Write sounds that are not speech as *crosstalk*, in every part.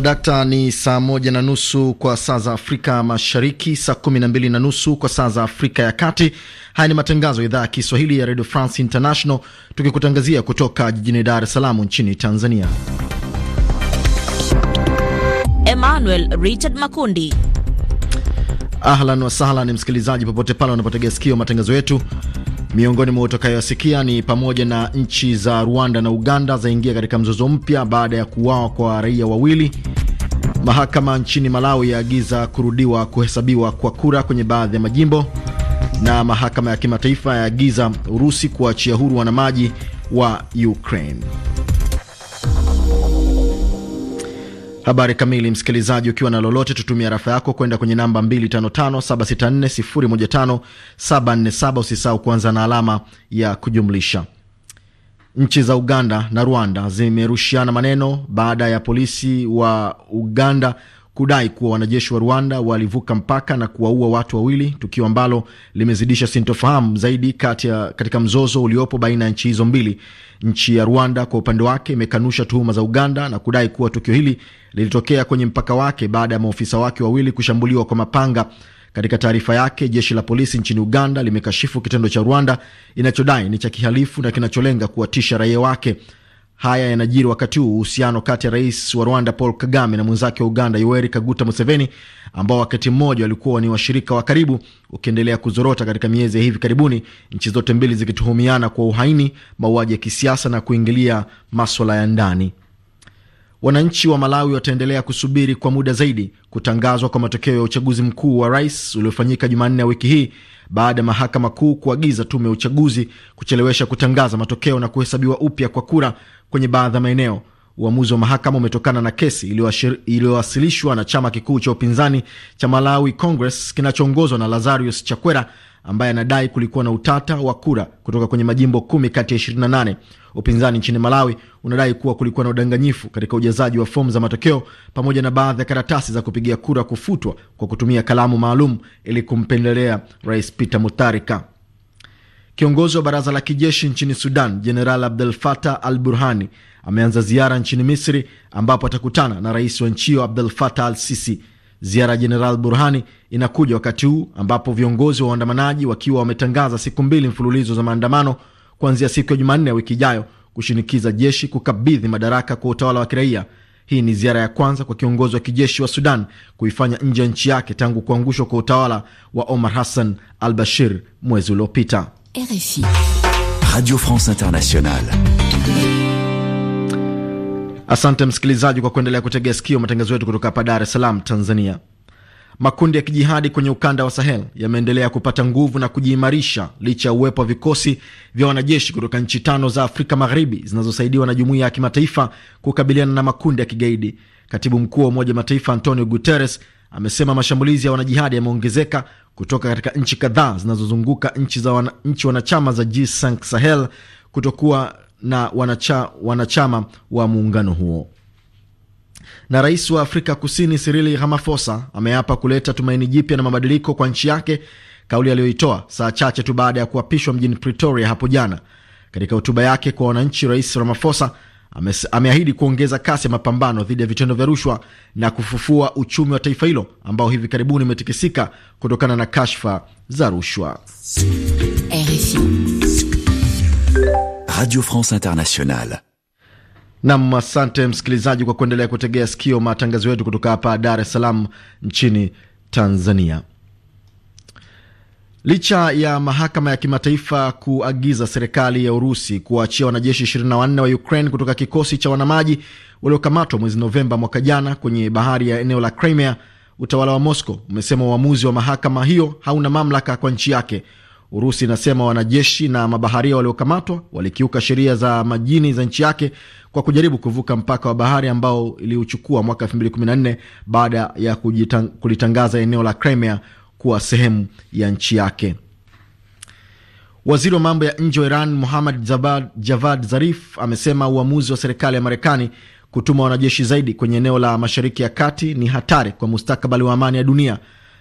dakta, ni saa moja na nusu kwa saa za Afrika Mashariki, saa kumi na mbili na nusu kwa saa za Afrika ya Kati. Haya ni matangazo ya idhaa ya Kiswahili ya Radio France International, tukikutangazia kutoka jijini Dar es Salaam nchini Tanzania. Emmanuel Richard Makundi. Ahlan wasahlan, msikilizaji popote pale unapotegea sikio matangazo yetu Miongoni mwa utakayosikia ni pamoja na nchi za Rwanda na Uganda zaingia katika mzozo mpya baada ya kuuawa kwa raia wawili. Mahakama nchini Malawi yaagiza kurudiwa kuhesabiwa kwa kura kwenye baadhi ya majimbo, na mahakama ya kimataifa yaagiza Urusi kuachia huru wanamaji wa Ukraine. Habari kamili, msikilizaji, ukiwa na lolote, tutumia rafa yako kwenda kwenye namba 255764015747. Usisahau kuanza na alama ya kujumlisha. Nchi za Uganda na Rwanda zimerushiana maneno baada ya polisi wa Uganda kudai kuwa wanajeshi wa Rwanda walivuka mpaka na kuwaua watu wawili, tukio ambalo limezidisha sintofahamu zaidi katia, katika mzozo uliopo baina ya nchi hizo mbili. Nchi ya Rwanda kwa upande wake imekanusha tuhuma za Uganda na kudai kuwa tukio hili lilitokea kwenye mpaka wake baada ya maofisa wake wawili kushambuliwa kwa mapanga. Katika taarifa yake, jeshi la polisi nchini Uganda limekashifu kitendo cha Rwanda inachodai ni cha kihalifu na kinacholenga kuwatisha raia wake. Haya yanajiri wakati huu uhusiano kati ya rais wa Rwanda Paul Kagame na mwenzake wa Uganda Yoweri Kaguta Museveni, ambao wakati mmoja walikuwa ni washirika wa karibu, ukiendelea kuzorota katika miezi ya hivi karibuni, nchi zote mbili zikituhumiana kwa uhaini, mauaji ya kisiasa na kuingilia maswala ya ndani. Wananchi wa Malawi wataendelea kusubiri kwa muda zaidi kutangazwa kwa matokeo ya uchaguzi mkuu wa rais uliofanyika Jumanne ya wiki hii baada ya mahakama kuu kuagiza tume ya uchaguzi kuchelewesha kutangaza matokeo na kuhesabiwa upya kwa kura kwenye baadhi ya maeneo. Uamuzi wa mahakama umetokana na kesi iliyowasilishwa na chama kikuu cha upinzani cha Malawi Congress kinachoongozwa na Lazarus Chakwera ambaye anadai kulikuwa na utata wa kura kutoka kwenye majimbo kumi kati ya 28. Upinzani nchini Malawi unadai kuwa kulikuwa na udanganyifu katika ujazaji wa fomu za matokeo pamoja na baadhi ya karatasi za kupigia kura kufutwa kwa kutumia kalamu maalum ili kumpendelea Rais Peter Mutharika. Kiongozi wa baraza la kijeshi nchini Sudan, Jeneral Abdel Fattah al Burhani ameanza ziara nchini Misri ambapo atakutana na rais wa nchi hiyo Abdel Fattah al Sisi. Ziara ya Jeneral Burhani inakuja wakati huu ambapo viongozi wa waandamanaji wakiwa wametangaza siku mbili mfululizo za maandamano kuanzia siku ya Jumanne ya wiki ijayo kushinikiza jeshi kukabidhi madaraka kwa utawala wa kiraia. Hii ni ziara ya kwanza kwa kiongozi wa kijeshi wa Sudan kuifanya nje ya nchi yake tangu kuangushwa kwa utawala wa Omar Hassan al Bashir mwezi uliopita. Radio France Internationale Asante msikilizaji kwa kuendelea kutegea sikio matangazo yetu kutoka hapa Dar es Salaam, Tanzania. Makundi ya kijihadi kwenye ukanda wa Sahel yameendelea kupata nguvu na kujiimarisha licha ya uwepo wa vikosi vya wanajeshi kutoka nchi tano za Afrika Magharibi zinazosaidiwa na jumuiya ya kimataifa kukabiliana na makundi ya kigaidi. Katibu mkuu wa Umoja Mataifa Antonio Guterres amesema mashambulizi ya wanajihadi yameongezeka kutoka katika nchi kadhaa zinazozunguka nchi za wana, nchi wanachama za G5 Sahel kutokuwa na wanacha, wanachama wa muungano huo. Na rais wa Afrika Kusini Cyril Ramaphosa ameapa kuleta tumaini jipya na mabadiliko kwa nchi yake, kauli aliyoitoa saa chache tu baada ya kuapishwa mjini Pretoria hapo jana. Katika hotuba yake kwa wananchi, Rais Ramaphosa ameahidi kuongeza kasi ya mapambano dhidi ya vitendo vya rushwa na kufufua uchumi wa taifa hilo ambao hivi karibuni umetikisika kutokana na kashfa za rushwa. Radio France Internationale. Nam, asante msikilizaji kwa kuendelea kutegea sikio matangazo yetu kutoka hapa Dar es Salaam nchini Tanzania. Licha ya mahakama ya kimataifa kuagiza serikali ya Urusi kuwaachia wanajeshi 24 wa Ukraine kutoka kikosi cha wanamaji waliokamatwa mwezi Novemba mwaka jana kwenye bahari ya eneo la Crimea, utawala wa Moscow umesema uamuzi wa mahakama hiyo hauna mamlaka kwa nchi yake Urusi inasema wanajeshi na mabaharia waliokamatwa walikiuka sheria za majini za nchi yake kwa kujaribu kuvuka mpaka wa bahari ambao iliuchukua mwaka 2014 baada ya kulitangaza eneo la Crimea kuwa sehemu ya nchi yake. Waziri wa mambo ya nje wa Iran Muhammad Javad Zarif amesema uamuzi wa serikali ya Marekani kutuma wanajeshi zaidi kwenye eneo la Mashariki ya Kati ni hatari kwa mustakabali wa amani ya dunia.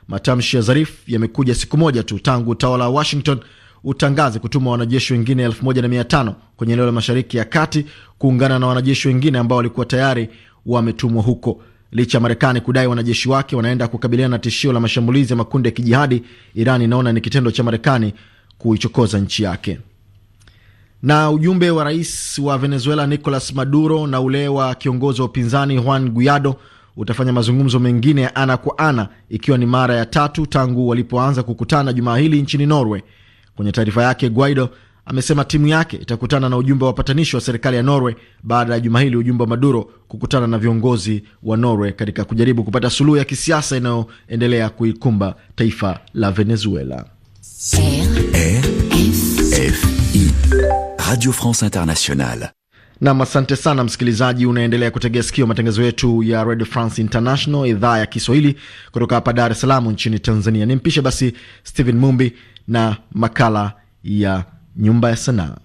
Matamshi ya Zarif yamekuja siku moja tu tangu utawala wa Washington utangaze kutuma wanajeshi wengine 1500 kwenye eneo la Mashariki ya Kati kuungana na wanajeshi wengine ambao walikuwa tayari wametumwa huko. Licha ya Marekani kudai wanajeshi wake wanaenda kukabiliana na tishio la mashambulizi ya makundi ya kijihadi, Iran inaona ni kitendo cha Marekani kuichokoza nchi yake. Na ujumbe wa rais wa Venezuela Nicolas Maduro na ule wa kiongozi wa upinzani Juan Guaido utafanya mazungumzo mengine ya ana kwa ana, ikiwa ni mara ya tatu tangu walipoanza kukutana jumaa hili nchini Norway. Kwenye taarifa yake, Guaido amesema timu yake itakutana na ujumbe wa wapatanishi wa serikali ya Norway baada ya juma hili ujumbe wa Maduro kukutana na viongozi wa Norway katika kujaribu kupata suluhu ya kisiasa inayoendelea kuikumba taifa la Venezuela. Radio France Internationale. Nam, asante sana msikilizaji, unaendelea kutegea sikio matangazo yetu ya Radio France International, idhaa ya Kiswahili kutoka hapa Dar es Salaam nchini Tanzania. Ni mpishe basi Stephen Mumbi na makala ya Nyumba ya Sanaa.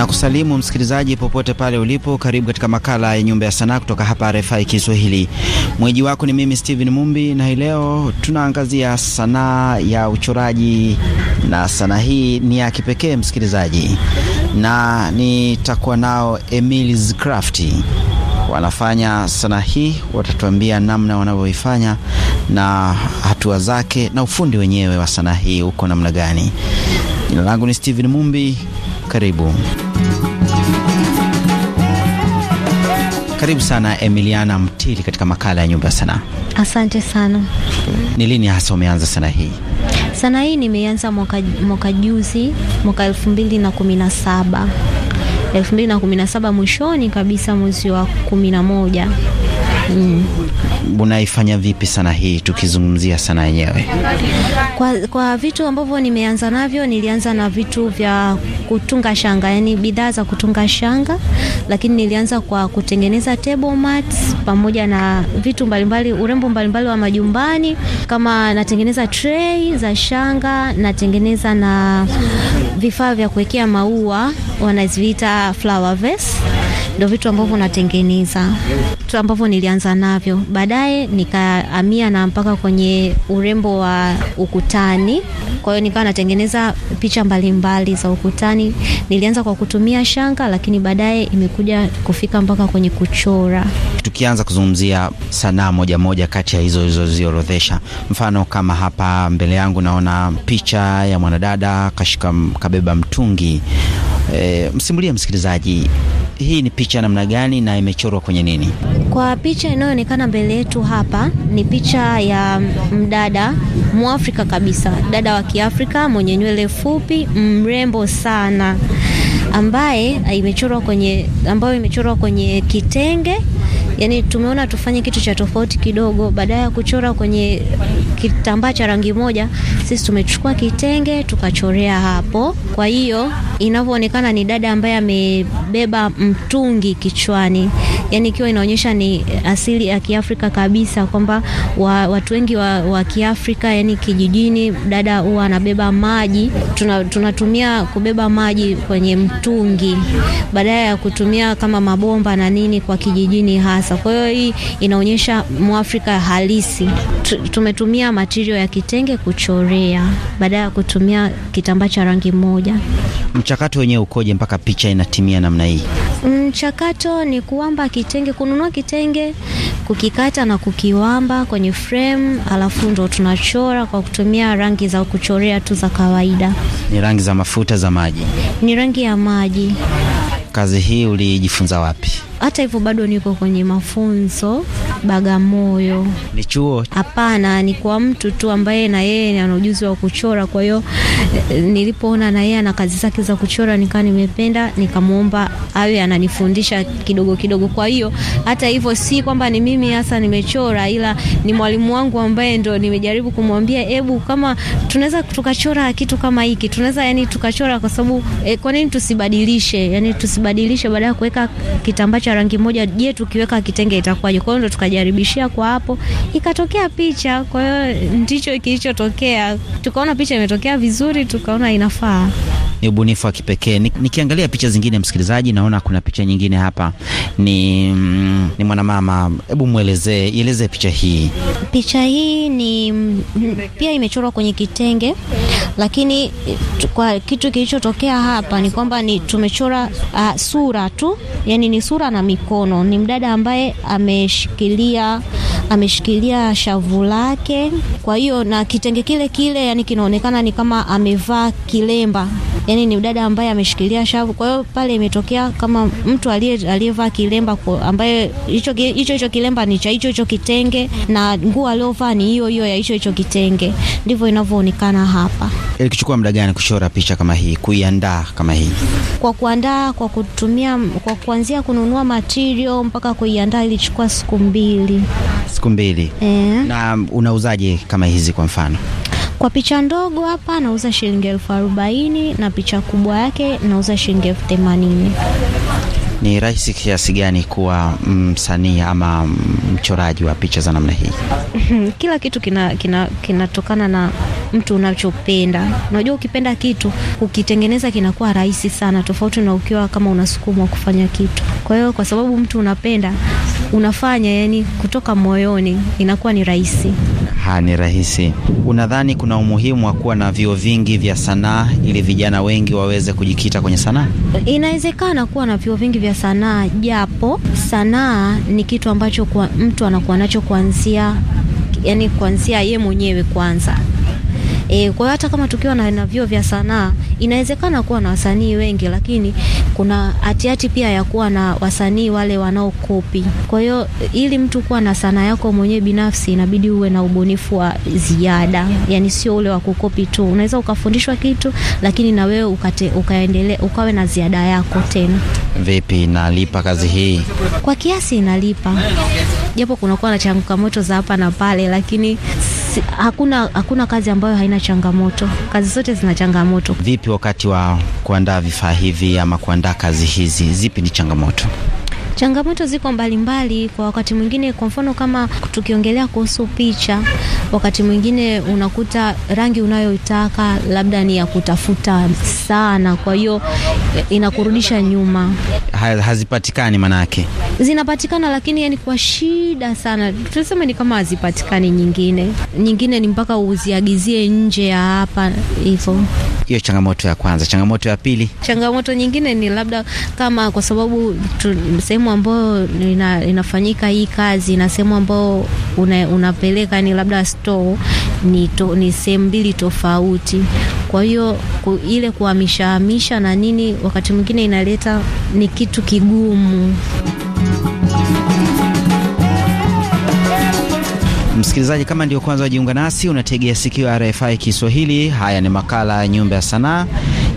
na kusalimu msikilizaji popote pale ulipo. Karibu katika makala ya Nyumba ya Sanaa kutoka hapa RFI Kiswahili. Mwenyeji wako ni mimi Steven Mumbi, na hii leo tunaangazia sanaa ya uchoraji, na sanaa hii ni ya kipekee msikilizaji, na nitakuwa nao Emily's Craft wanafanya sanaa hii, watatuambia namna wanavyoifanya na hatua zake na ufundi wenyewe wa sanaa hii uko namna gani. Jina langu ni Steven Mumbi. Karibu. Karibu sana Emiliana Mtili katika makala ya nyumba ya sanaa. Asante sana. Ni lini hasa umeanza sanaa hii? Sanaa hii nimeanza mwaka, mwaka juzi mwaka elfu mbili na kumi na saba elfu mbili na kumi na saba mwishoni kabisa mwezi wa kumi na moja mm. Unaifanya vipi sana hii, tukizungumzia sana yenyewe? Kwa, kwa vitu ambavyo nimeanza navyo, nilianza na vitu vya kutunga shanga, yani bidhaa za kutunga shanga, lakini nilianza kwa kutengeneza table mats pamoja na vitu mbalimbali, urembo mbalimbali wa majumbani, kama natengeneza tray za shanga, natengeneza na vifaa vya kuwekea maua wanaziita flower vase ndio vitu ambavyo natengeneza, vitu ambavyo nilianza navyo, baadaye nikahamia na mpaka kwenye urembo wa ukutani. Kwa hiyo nikawa natengeneza picha mbalimbali za ukutani. Nilianza kwa kutumia shanga, lakini baadaye imekuja kufika mpaka kwenye kuchora. Tukianza kuzungumzia sanaa moja moja kati ya hizo zilizoorodhesha, mfano kama hapa mbele yangu naona picha ya mwanadada kashika kabeba mtungi. E, msimulie msikilizaji hii ni picha namna gani na imechorwa kwenye nini? Kwa picha inayoonekana mbele yetu hapa ni picha ya mdada Mwafrika kabisa, dada wa Kiafrika mwenye nywele fupi, mrembo sana ambaye imechorwa kwenye ambayo imechorwa kwenye kitenge. Yani tumeona tufanye kitu cha tofauti kidogo, badala ya kuchora kwenye kitambaa cha rangi moja, sisi tumechukua kitenge tukachorea hapo. Kwa hiyo inavyoonekana ni dada ambaye amebeba mtungi kichwani, yani ikiwa inaonyesha ni eh, asili ya Kiafrika kabisa, kwamba wa, watu wengi wa, wa Kiafrika yani kijijini, dada huwa anabeba maji, tunatumia tuna kubeba maji kwenye mtungi badala ya kutumia kama mabomba na nini kwa kijijini hasa. Kwa hiyo hii inaonyesha Mwafrika halisi. Tumetumia matirio ya kitenge kuchorea badala ya kutumia kitambaa cha rangi moja. Mchakato wenyewe ukoje mpaka picha inatimia namna hii? Mm, mchakato ni kuamba kitenge, kununua kitenge, kukikata na kukiwamba kwenye frame, alafu ndo tunachora kwa kutumia rangi za kuchorea tu za kawaida. Ni rangi za mafuta za maji? Ni rangi ya maji. Kazi hii ulijifunza wapi? Hata hivyo bado niko kwenye mafunzo Bagamoyo. Ni chuo? Hapana, ni kwa mtu tu ambaye na yeye ana ujuzi wa kuchora. Kwa hiyo eh, nilipoona na yeye ana kazi zake za kuchora, nikaa nimependa, nikamwomba awe ananifundisha kidogo kidogo. Kwa hiyo hata hivyo si kwamba ni mimi hasa nimechora, ila ni mwalimu wangu ambaye ndo nimejaribu kumwambia, hebu kama tunaweza tukachora kitu kama hiki, tunaweza yani tukachora kwa sababu e, kwa nini tusibadilishe? Yani tusibadilishe baada ya kuweka kitambaa cha rangi moja, je, tukiweka kitenge itakuwaje? Kwa hiyo ndo tukajaribishia kwa hapo, ikatokea picha. Kwa hiyo ndicho kilichotokea, tukaona picha imetokea vizuri, tukaona inafaa ni ubunifu wa kipekee. Nikiangalia picha zingine, msikilizaji, naona kuna picha nyingine hapa ni, mm, ni mwanamama. Hebu mwelezee, ieleze picha hii. Picha hii ni mm, pia imechorwa kwenye kitenge, lakini kwa kitu kilichotokea hapa ni kwamba ni tumechora uh, sura tu, yani ni sura na mikono. Ni mdada ambaye ameshikilia ameshikilia shavu lake, kwa hiyo na kitenge kile kile, yani kinaonekana ni kama amevaa kilemba yani ni mdada ambaye ameshikilia shavu. Kwa hiyo pale imetokea kama mtu aliyevaa kilemba ambaye hicho hicho kilemba ni cha hicho hicho kitenge na nguo aliyovaa ni hiyo hiyo ya hicho hicho kitenge, ndivyo inavyoonekana hapa. Ilichukua muda gani kuchora picha kama hii, kuiandaa kama hii? Kwa kuandaa kwa kutumia kwa kuanzia kununua material mpaka kuiandaa ilichukua siku mbili. Siku mbili. E. Na unauzaje kama hizi kwa mfano? Kwa picha ndogo hapa nauza shilingi elfu arobaini na picha kubwa yake nauza shilingi elfu themanini. Ni rahisi kiasi gani kuwa msanii ama mchoraji wa picha za namna hii? *laughs* Kila kitu kinatokana kina, kina na mtu unachopenda. Unajua, ukipenda kitu ukitengeneza kinakuwa rahisi sana, tofauti na ukiwa kama unasukumwa kufanya kitu. Kwa hiyo kwa sababu mtu unapenda unafanya, yani kutoka moyoni, inakuwa ni rahisi raha ni rahisi. Unadhani kuna umuhimu wa kuwa na vyuo vingi vya sanaa ili vijana wengi waweze kujikita kwenye sanaa? Inawezekana kuwa na vyuo vingi vya sanaa, japo sanaa ni kitu ambacho kwa mtu anakuwa nacho kuanzia, yani kuanzia ye mwenyewe kwanza E, kwa hata kama tukiwa na, na vyuo vya sanaa inawezekana kuwa na wasanii wengi, lakini kuna hatihati pia ya kuwa na wasanii wale wanaokopi. Kwa hiyo ili mtu kuwa na sanaa yako mwenyewe binafsi inabidi uwe na ubunifu wa ziada, yani sio ule wa kukopi tu. Unaweza ukafundishwa kitu lakini na wewe ukaendele, ukawe na ziada yako tena. Vipi, nalipa kazi hii? Kwa kiasi inalipa, japo kunakuwa na changamoto za hapa na pale, lakini si, hakuna, hakuna kazi ambayo haina changamoto. Kazi zote zina changamoto. Vipi wakati wa kuandaa vifaa hivi ama kuandaa kazi hizi, zipi ni changamoto? Changamoto ziko mbalimbali mbali. Kwa wakati mwingine, kwa mfano kama tukiongelea kuhusu picha, wakati mwingine unakuta rangi unayoitaka labda ni ya kutafuta sana, kwa hiyo inakurudisha nyuma, hazipatikani maana yake zinapatikana, lakini yani kwa shida sana, tunasema ni kama hazipatikani. Nyingine nyingine ni mpaka uziagizie nje ya hapa hivyo. Hiyo changamoto ya kwanza. Changamoto ya pili, changamoto nyingine ni labda kama kwa sababu sehemu ambayo ina, inafanyika hii kazi na sehemu ambayo una, unapeleka ni labda store ni, to, ni sehemu mbili tofauti, kwa hiyo ile kuhamishahamisha na nini wakati mwingine inaleta ni kitu kigumu. Msikilizaji, kama ndio kwanza wajiunga nasi, unategea sikio RFI Kiswahili. Haya ni makala ya Nyumba ya Sanaa.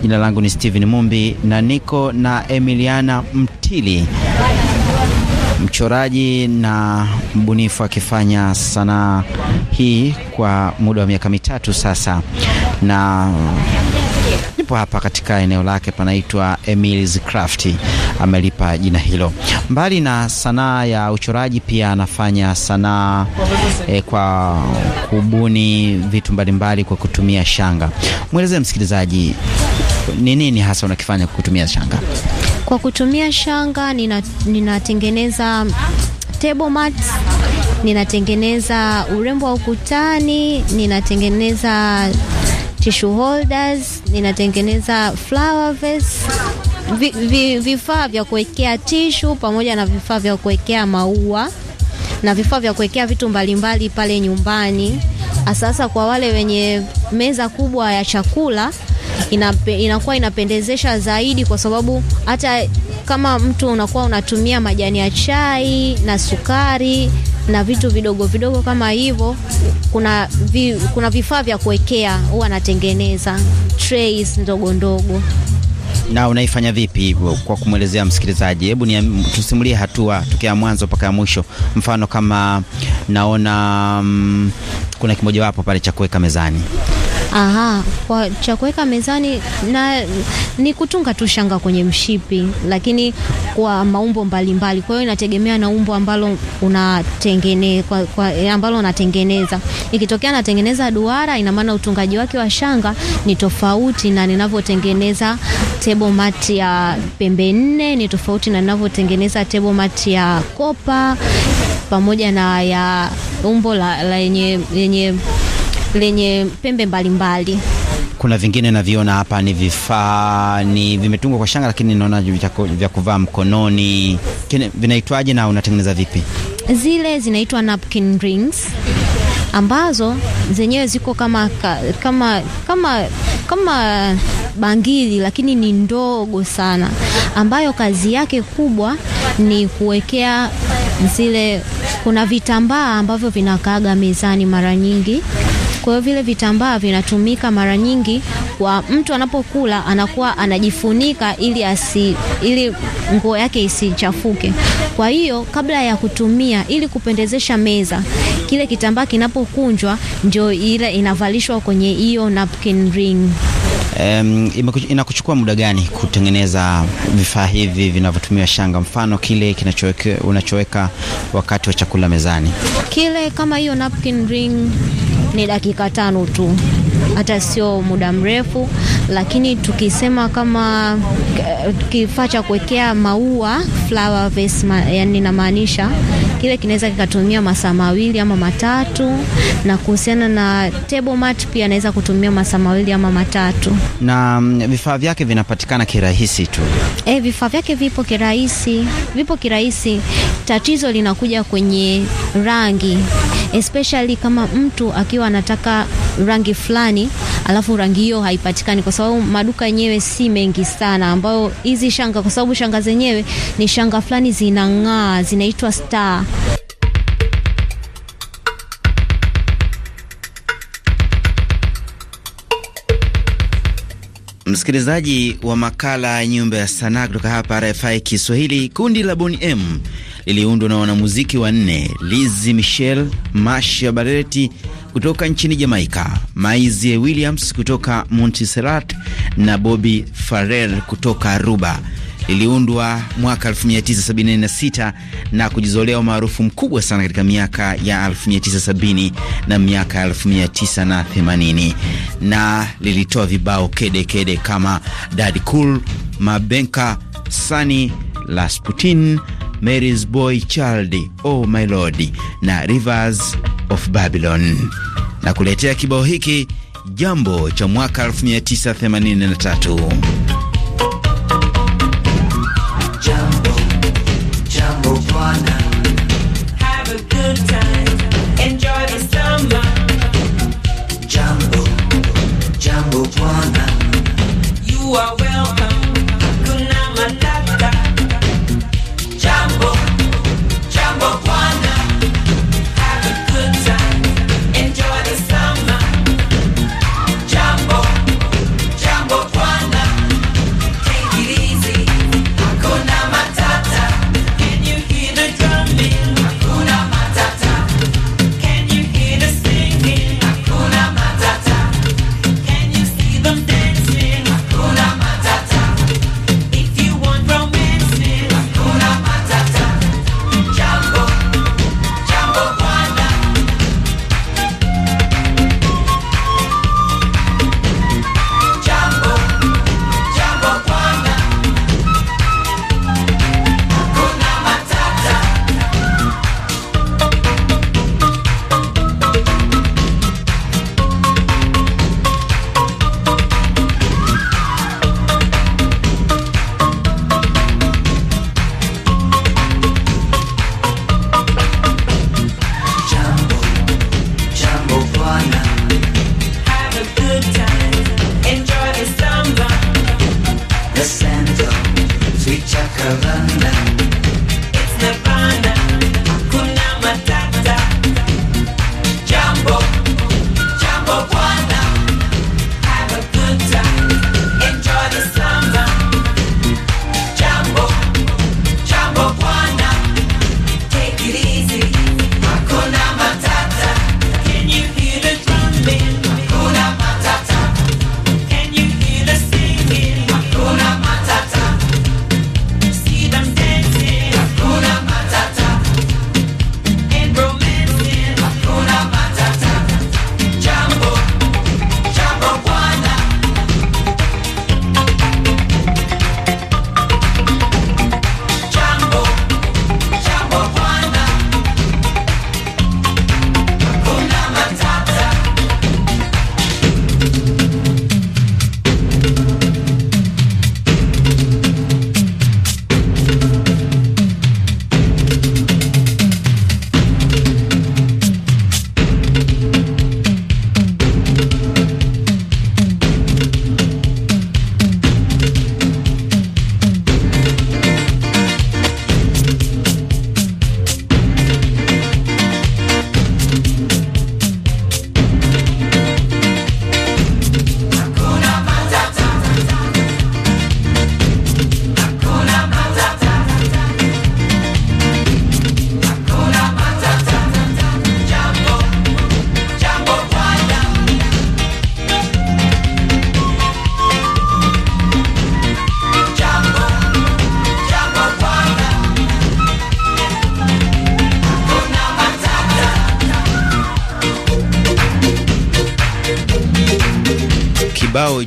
Jina langu ni Steven Mumbi na niko na Emiliana Mtili, mchoraji na mbunifu akifanya sanaa hii kwa muda wa miaka mitatu sasa, na ndipo hapa katika eneo lake panaitwa Emily's Craft, amelipa jina hilo. Mbali na sanaa ya uchoraji, pia anafanya sanaa eh, kwa kubuni vitu mbalimbali kwa kutumia shanga. Mwelezee msikilizaji ni nini hasa unakifanya kwa kutumia shanga? Kwa kutumia shanga ninatengeneza nina table mat, ninatengeneza urembo wa ukutani, ninatengeneza tissue holders, ninatengeneza flower vase, vifaa vya kuwekea tishu pamoja na vifaa vya kuwekea maua na vifaa vya kuwekea vitu mbalimbali mbali pale nyumbani. Sasa kwa wale wenye meza kubwa ya chakula inape, inakuwa inapendezesha zaidi, kwa sababu hata kama mtu unakuwa unatumia majani ya chai na sukari na vitu vidogo vidogo kama hivyo. Kuna, vi, kuna vifaa vya kuwekea huwa anatengeneza trays ndogo ndogo. Na unaifanya vipi hivyo kwa kumwelezea msikilizaji? Hebu tusimulie hatua tokea mwanzo mpaka mwisho. Mfano kama naona mm, kuna kimojawapo pale cha kuweka mezani Aha, kwa cha kuweka mezani na ni kutunga tu shanga kwenye mshipi, lakini kwa maumbo mbalimbali. Kwa hiyo inategemea na umbo ambalo unatengeneza kwa, kwa, eh, ambalo unatengeneza. Ikitokea natengeneza duara, ina maana utungaji wake wa shanga ni tofauti na ninavyotengeneza table mat ya pembe nne, ni tofauti na ninavyotengeneza table mat ya kopa pamoja na ya umbo la, la yenye lenye pembe mbalimbali mbali. Kuna vingine naviona hapa ni vifaa ni vimetungwa kwa shanga, lakini naona vya kuvaa mkononi. Vinaitwaje na unatengeneza vipi? Zile zinaitwa napkin rings ambazo zenyewe ziko kama, kama, kama, kama bangili lakini ni ndogo sana, ambayo kazi yake kubwa ni kuwekea zile. Kuna vitambaa ambavyo vinakaaga mezani mara nyingi kwa hiyo vile vitambaa vinatumika mara nyingi kwa mtu anapokula, anakuwa anajifunika ili asi, ili nguo yake isichafuke. Kwa hiyo kabla ya kutumia, ili kupendezesha meza, kile kitambaa kinapokunjwa ndio ile inavalishwa kwenye hiyo napkin ring. Um, inakuchukua muda gani kutengeneza vifaa hivi vinavyotumia shanga, mfano kile kinachoweka unachoweka wakati wa chakula mezani, kile kama hiyo napkin ring ni dakika tano tu, hata sio muda mrefu. Lakini tukisema kama eh, kifaa cha kuwekea maua flower vase, yani namaanisha kile kinaweza kikatumia masaa mawili ama matatu, na kuhusiana na table mat pia anaweza kutumia masaa mawili ama matatu, na mm, vifaa vyake vinapatikana kirahisi tu. E, vifaa vyake vipo kirahisi, vipo kirahisi. Tatizo linakuja kwenye rangi especially kama mtu akiwa anataka rangi fulani, alafu rangi hiyo haipatikani, kwa sababu maduka yenyewe si mengi sana, ambayo hizi shanga, kwa sababu shanga zenyewe ni shanga fulani zinang'aa, zinaitwa star. Msikilizaji wa makala ya nyumba ya sanaa kutoka hapa RFI Kiswahili, kundi la Boni M liliundwa na wanamuziki wanne: Lizi Michel, Masha Bareti kutoka nchini Jamaika, Maisie Williams kutoka Montserrat na Bobby Farrell kutoka Aruba liliundwa mwaka 1976 na kujizolea umaarufu mkubwa sana katika miaka ya 1970 na miaka 1980, na lilitoa vibao kedekede kede kama Daddy Cool, Mabenka, Sunny, Rasputin, Mary's Boy Child, Oh My Lord na Rivers of Babylon. Na kuletea kibao hiki jambo cha mwaka 1983. You are welcome.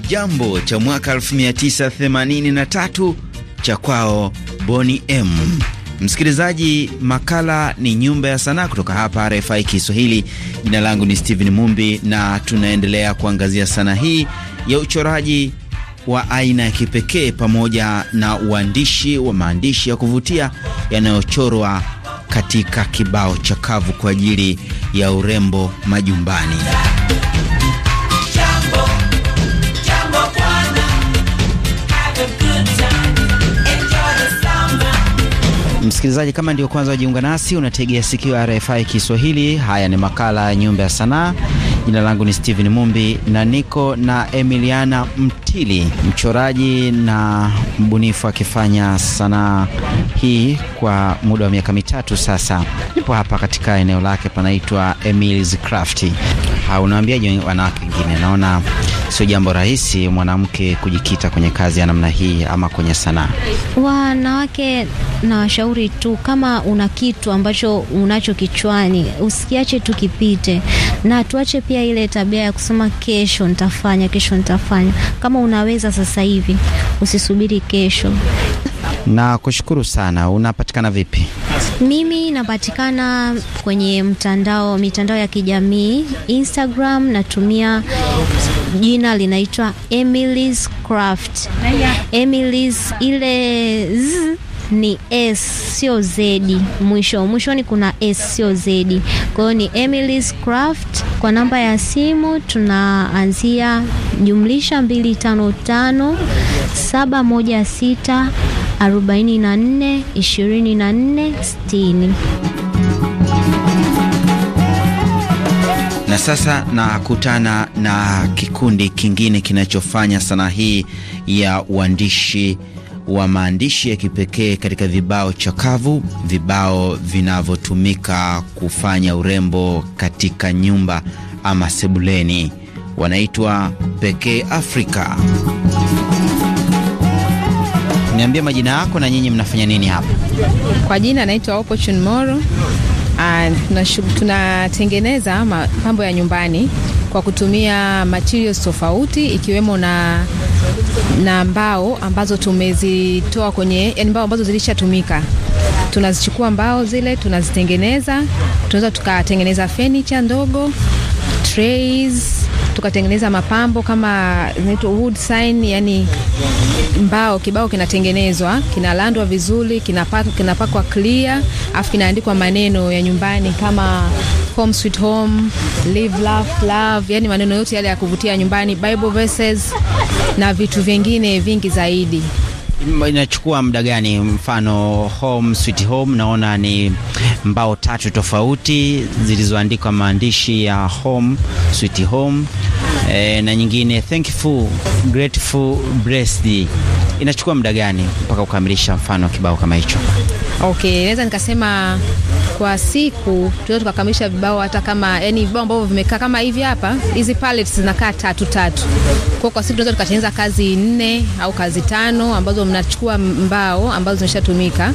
Jambo cha mwaka 1983 cha kwao Boni M. Msikilizaji, makala ni nyumba ya sanaa kutoka hapa RFI Kiswahili. Jina langu ni Steven Mumbi na tunaendelea kuangazia sanaa hii ya uchoraji wa aina ya kipekee pamoja na uandishi wa maandishi ya kuvutia yanayochorwa katika kibao cha kavu kwa ajili ya urembo majumbani. Msikilizaji, kama ndio kwanza wajiunga nasi, unategea sikio RFI Kiswahili. Haya ni makala ya Nyumba ya Sanaa. Jina langu ni Steven Mumbi na niko na Emiliana Mtili, mchoraji na mbunifu, akifanya sanaa hii kwa muda wa miaka mitatu sasa. Nipo hapa katika eneo lake panaitwa Emily's Craft unawambiaje wanawake wengine? Naona sio jambo rahisi mwanamke kujikita kwenye kazi ya namna hii ama kwenye sanaa. Wanawake na washauri tu, kama una kitu ambacho unacho kichwani, usikiache tu kipite, na tuache pia ile tabia ya kusema kesho nitafanya, kesho nitafanya. Kama unaweza sasa hivi, usisubiri kesho na kushukuru sana. Unapatikana vipi? Mimi napatikana kwenye mtandao mitandao ya kijamii Instagram, natumia jina linaitwa Emily's Craft. Emily's ile z ni S sio Z, mwisho mwishoni kuna S sio Z. Kwa hiyo ni Emily's Craft. Kwa namba ya simu tunaanzia jumlisha 255 716 na sasa nakutana na kikundi kingine kinachofanya sanaa hii ya uandishi wa maandishi ya kipekee katika vibao chakavu, vibao vinavyotumika kufanya urembo katika nyumba ama sebuleni. Wanaitwa Pekee Afrika. Niambie majina yako na nyinyi mnafanya nini hapa? Kwa jina naitwa Opportune Moro. Uh, tunatengeneza mapambo ya nyumbani kwa kutumia materials tofauti ikiwemo na, na mbao ambazo tumezitoa kwenye, yani mbao ambazo zilishatumika tunazichukua mbao zile tunazitengeneza, tunaweza tukatengeneza furniture ndogo, trays tukatengeneza mapambo kama zinaitwa wood sign, yani mbao kibao kinatengenezwa kinalandwa vizuri, kinapakwa kinapakwa clear, afu kinaandikwa maneno ya nyumbani kama home sweet home, live love love, yani maneno yote yale ya kuvutia nyumbani, bible verses na vitu vingine vingi zaidi. Inachukua muda gani? Mfano home sweet home, naona ni mbao tatu tofauti zilizoandikwa maandishi ya home sweet home e, na nyingine thankful, grateful, blessed. Inachukua muda gani mpaka kukamilisha mfano wa kibao kama hicho? Okay, naweza nikasema kwa siku tunaweza tukakamilisha vibao hata kama yani vibao ambavyo vimekaa kama hivi hapa, hizi pallets zinakaa tatu tatu. Kwa kwa siku tunaweza tukatengeneza kazi nne au kazi tano ambazo mnachukua mbao ambazo zimeshatumika.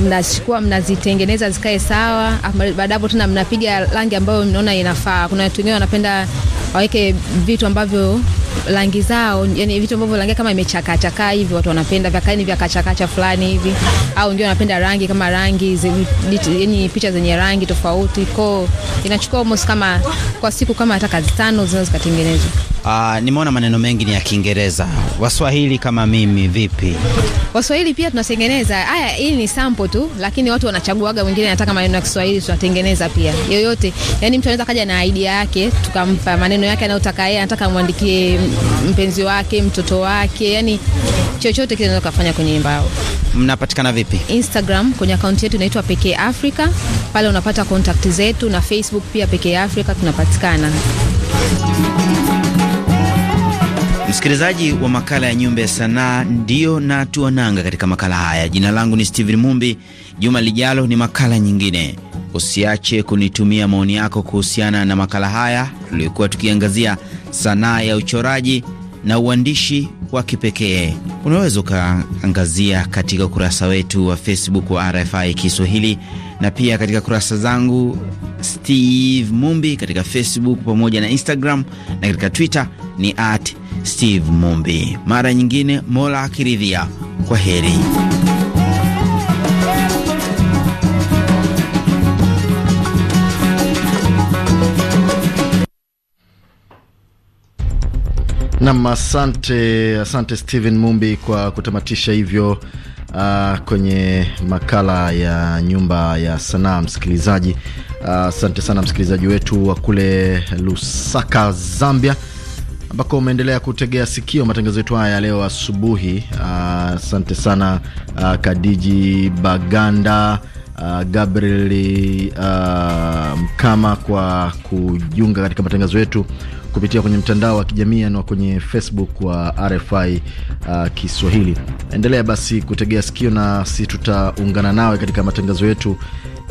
Mnachukua mnazitengeneza zikae sawa, baadapo tena mnapiga rangi ambayo mnaona inafaa. Kuna watu wengine wanapenda waweke vitu ambavyo rangi zao, yani vitu ambavyo rangi kama imechakachakaa hivi, watu wanapenda vya kaini vya kachakacha fulani hivi, au ndio wanapenda rangi kama rangi yani picha zenye rangi tofauti. Kwa inachukua almost kama kwa siku kama hata kazi tano zinaweza zikatengenezwa. Uh, nimeona maneno mengi ni ya Kiingereza. Waswahili kama mimi vipi? Waswahili pia tunatengeneza. Haya, hii ni sample tu, lakini watu wanachaguaga, wengine anataka maneno ya Kiswahili, tunatengeneza pia. Yoyote. Yaani mtu anaweza kaja na idea yake, tukampa maneno yake anayotaka yeye, anataka mwandikie mpenzi wake, mtoto wake. yani chochote kile anaweza kufanya kwenye mbao. Mnapatikana vipi? Instagram kwenye akaunti yetu inaitwa Pekee Africa. Pale unapata contact zetu na Facebook pia Pekee Africa tunapatikana. Msikilizaji wa makala ya Nyumba ya Sanaa, ndiyo na tuananga katika makala haya. Jina langu ni Steven Mumbi. Juma lijalo ni makala nyingine. Usiache kunitumia maoni yako kuhusiana na makala haya tuliyokuwa tukiangazia sanaa ya uchoraji na uandishi wa kipekee. Unaweza ukaangazia katika ukurasa wetu wa Facebook wa RFI Kiswahili na pia katika kurasa zangu Steve Mumbi katika Facebook pamoja na Instagram na katika Twitter ni at Steve Mumbi. Mara nyingine, Mola akiridhia, kwa heri. Nam, asante, asante Steven Mumbi kwa kutamatisha hivyo. Uh, kwenye makala ya nyumba ya sanaa msikilizaji, uh, asante uh, sana msikilizaji wetu wa kule Lusaka, Zambia ambako umeendelea kutegea sikio matangazo yetu haya ya leo asubuhi. Asante uh, sana uh, Kadiji Baganda Uh, Gabriel uh, Mkama kwa kujiunga katika matangazo yetu kupitia kwenye mtandao wa kijamii na kwenye Facebook wa RFI uh, Kiswahili. Endelea basi kutegea sikio, na si tutaungana nawe katika matangazo yetu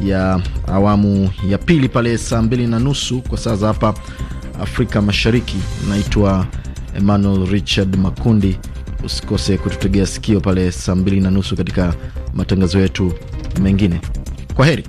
ya awamu ya pili pale saa mbili na nusu kwa saa za hapa Afrika Mashariki. Naitwa Emmanuel Richard Makundi. Usikose kututegea sikio pale saa mbili na nusu katika matangazo yetu mengine. Kwa heri.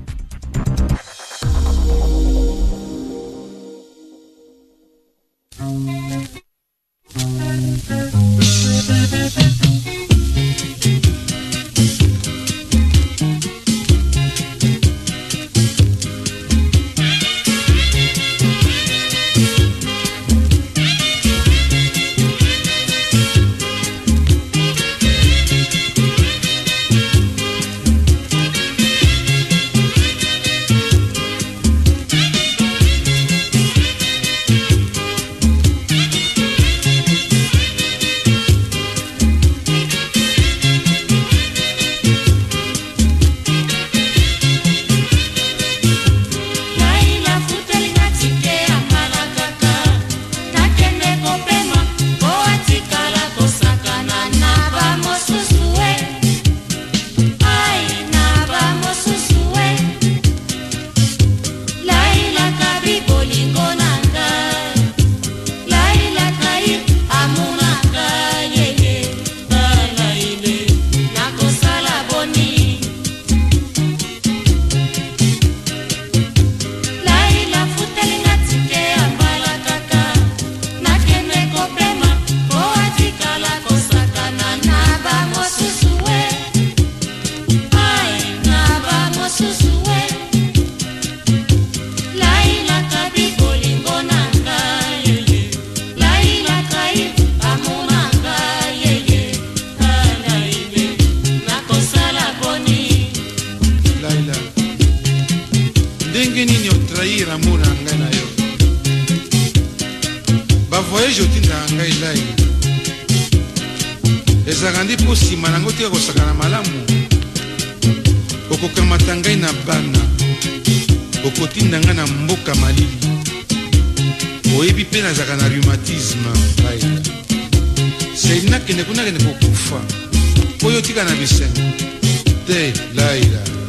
ezalaka nde mpo nsima nango te kosakana malamu okokamata ngai na bana okotinda ngai na mboka malili oyebi mpe nazalaka na rhumatisme baela seli nakende kuna kende kokufa oyo otika na bisengo te laila